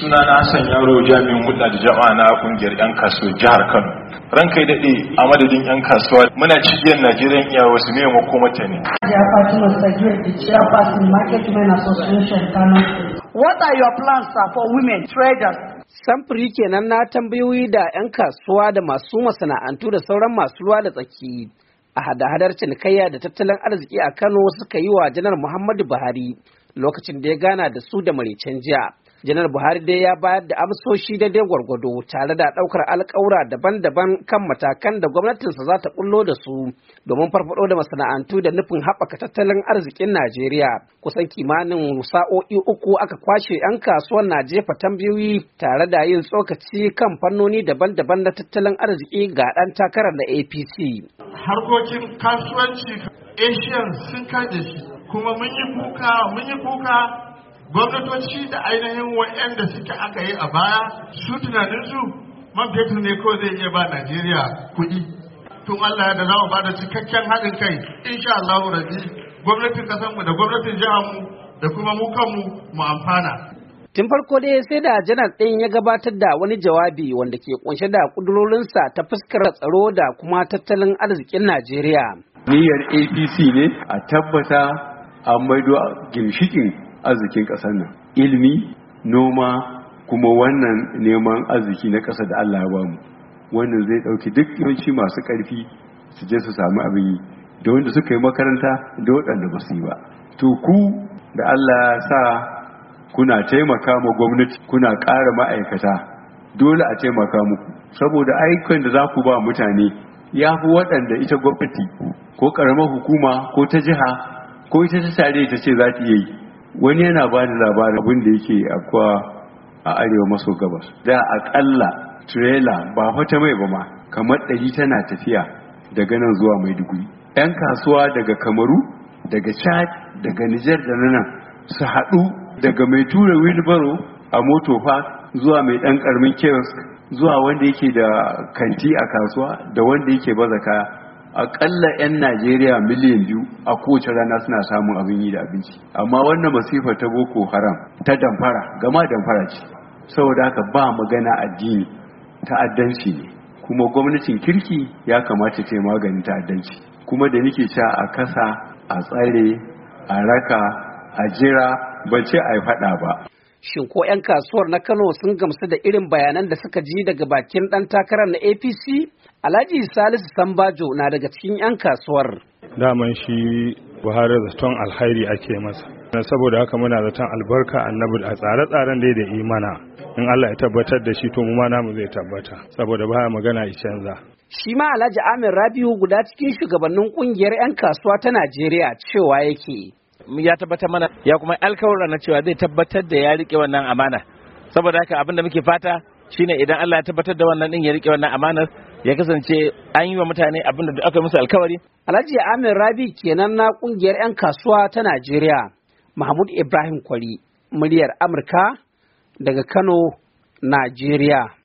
suna na hasan yaro jami'in hudu da jama'a na kungiyar 'yan kasuwa jihar kano kai daɗe a madadin 'yan kasuwa muna cibiyar najeriya ya wasu mai makomata ne What are your plans for women traders samfuri kenan na tambayoyi da 'yan kasuwa da masu masana'antu da sauran masu ruwa da tsaki a hada-hadar cinikayya da tattalin arziki a kano suka yi wa janar muhammadu buhari lokacin da ya gana da su da maricen jiya janar buhari dai ya bayar da amsoshi daidai gwargwado tare da ɗaukar alƙawura daban-daban kan matakan da gwamnatinsa za ta bullo da su domin farfado da masana'antu da nufin haɓaka tattalin arzikin najeriya kusan kimanin sa'o'i uku aka kwashe 'yan kasuwar na jefa tambayoyi tare da yin tsokaci kan fannoni daban-daban na tattalin arziki ga ɗan takarar da apc harkokin kasuwanci asian sun kai da shi kuma mun yi kuka mun yi kuka gwamnatoci da ainihin wa'anda suke aka yi a baya su tunaninsu man ne kawai zai iya ba najeriya kuɗi tun allah da za mu ba da cikakken haɗin kai insha allah rabi gwamnatin ƙasarmu da gwamnatin jihanmu da kuma mu kanmu mu amfana Tun farko dai sai da janar ɗin ya gabatar da wani jawabi wanda ke kunshe da ƙudurorinsa ta fuskar tsaro da kuma tattalin arzikin Najeriya. Niyyar APC ne a tabbata a maido ginshikin arzikin ƙasar nan ilmi noma kuma wannan neman arziki na ƙasa da Allah ya bamu wannan zai ɗauki duk yawanci masu ƙarfi su je su samu abin yi da wanda suka yi makaranta da waɗanda ba su yi ba to ku da Allah ya sa kuna taimaka ma gwamnati kuna ƙara ma'aikata dole a taimaka muku saboda ayyukan da za ku ba mutane ya fi waɗanda ita gwamnati ko ƙaramar hukuma ko ta jiha ko ita ta tare ta ce za ta iya yi wani yana ba da labarin abin da yake akwa a arewa maso gabas da akalla tirela ba fata mai ba ma kamar ɗari tana tafiya daga nan zuwa mai maiduguri 'yan kasuwa daga kamaru daga chad daga nijar da nan su haɗu daga mai tura wilbaro a moto fa zuwa mai ɗan ƙaramin kiosk zuwa wanda yake da kanti a kasuwa da wanda yake baza kaya. A akalla 'yan najeriya miliyan biyu a kowace rana suna samun abin yi da abinci amma wannan masifa ta boko haram ta damfara gama damfara ce saboda haka ba magana addini ta'addanci ne kuma gwamnatin kirki ya kamata ce maganin ta'addanci kuma da nike cewa a kasa a tsare a raka a jira ba ce a yi faɗa ba Shin ko 'yan kasuwar na Kano sun gamsu da irin bayanan da suka ji daga bakin ɗan takarar na APC? Alhaji Salisu Sambajo na daga cikin 'yan kasuwar. Daman shi Buhari zaton alhairi ake masa. Saboda haka muna zaton albarka annabi a tsare-tsaren da ya imana. In Allah ya tabbatar da shi to mu ma namu zai tabbata. Saboda baya magana a canza. Shi ma Alhaji Amir Rabiu guda cikin shugabannin kungiyar 'yan kasuwa ta Najeriya cewa yake ya tabbatar mana ya kuma alkawura na cewa zai tabbatar da ya rike wannan amana saboda haka abin da muke fata shine idan Allah ya tabbatar da wannan din ya rike wannan amanar ya kasance an yi wa mutane abin da aka musu alkawari Alhaji Amin Rabi kenan na kungiyar 'yan kasuwa ta Najeriya Mahmud Ibrahim Kwari muryar Amurka daga Kano Najeriya